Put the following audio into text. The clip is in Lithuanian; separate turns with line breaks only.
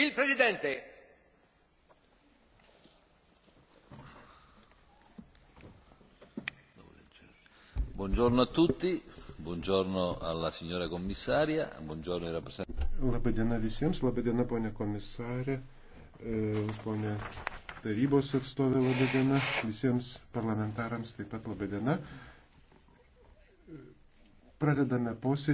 Il Presidente.
Buongiorno a tutti, buongiorno alla signora commissaria, buongiorno ai rappresentanti.
Labadiena visiems, labadiena ponė komisarė, e, ponė tarybos atstovė, labadiena
visiems parlamentarams taip pat labadiena. Pradedame posėdį.